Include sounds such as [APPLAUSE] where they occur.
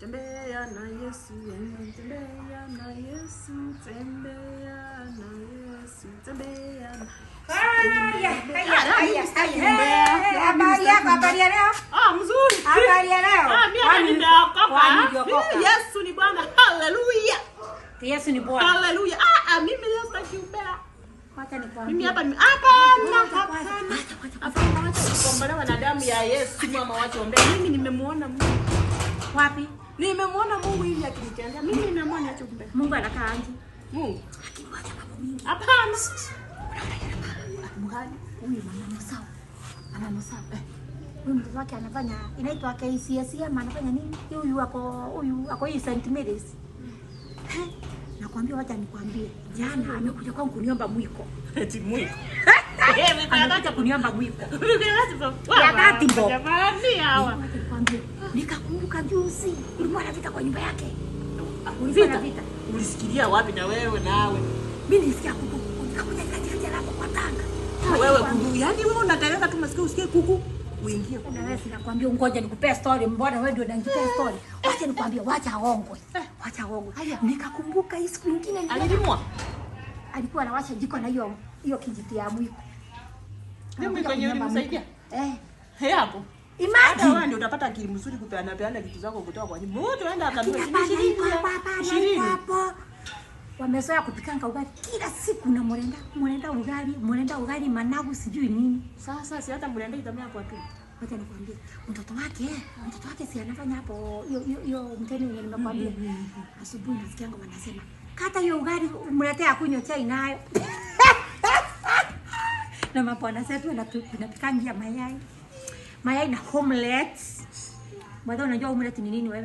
Tembea na Yesu, tembea na Yesu, tembea na Yesu, tembea na ah, Yesu ni Bwana. Haleluya. Yesu ni Bwana. Haleluya. Ah, ah, mimi leo sitaki ubea. Wacha nikwambie. Mimi hapa hapana, hapana. Hapana, wacha kuombolewa na ya Yesu mama, wacha ombea. Mimi nimemuona Mungu. Wapi? Nimemwona Mungu hivi akinitendea. Mimi ninamwona acho kumbe. Mungu anakaa anje. Mungu. Akimwacha mambo mingi. Hapana. Mgani? Huyu mwana msao. Ana msao. Eh. Huyu mtoto wake anafanya inaitwa KCSE anafanya nini? Huyu ako huyu ako hii St. Mary's. Eh. Nakwambia wacha nikwambie. Jana amekuja kwangu kuniomba mwiko. Eti mwiko. [LAUGHS] Amekuja kuniomba mwiko. Ya dhati bo. Jamani hawa. Nikwambie. Nikakumbuka juzi ulikuwa na vita kwa nyumba yake. Vita? vita. Ulisikia wapi na wewe nawe? Mimi nilisikia kuku. Nikakuja nikajificha hapo kwa Tanga. Wewe kuku, Yani wewe unatereza tu masikio usikie kuku. Uingie Kuna Wewe sinakwambia ngoja nikupea story, mbona wewe ndio unanipea story? Wacha nikwambie, wacha aongwe. Eh. Wacha aongwe. Nikakumbuka hii siku nyingine alilimwa. Alikuwa anawasha jiko na hiyo hiyo kijiti ya mwiko. Mimi kwenye ulimsaidia? Eh. Hapo. Imagine. Ndio utapata akili mzuri kupeana peana vitu zako kutoka kwa nyumba. Mtu aenda akanunua shilingi 20. Wamezoea kupikanga ugali kila siku na mrenda, mrenda ugali, mrenda ugali managu sijui nini. Sasa si hata mrenda itamea kwa tu. Wacha nikwambie, mtoto wake, eh, mtoto wake si anafanya hapo hiyo hiyo mteni wenye nimekwambia. Asubuhi nasikia ngoma nasema, kata hiyo ugali mletee akunywe chai nayo. [LAUGHS] na mabwana zetu wanapikangia mayai mayai na omelets. Mwadha unajua omelet ni nini wewe?